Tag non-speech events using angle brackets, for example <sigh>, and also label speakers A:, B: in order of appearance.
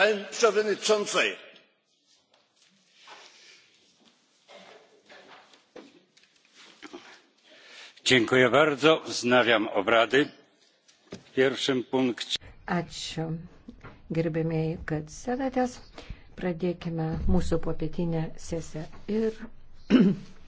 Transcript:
A: pani przewodniczącej!
B: dziękuję bardzo wznawiam obrady. pierwszym punkcie.
C: ačiū gerbiamieji kad sėdatės pradėkime mūsų popietinę sesiją ir <clears throat>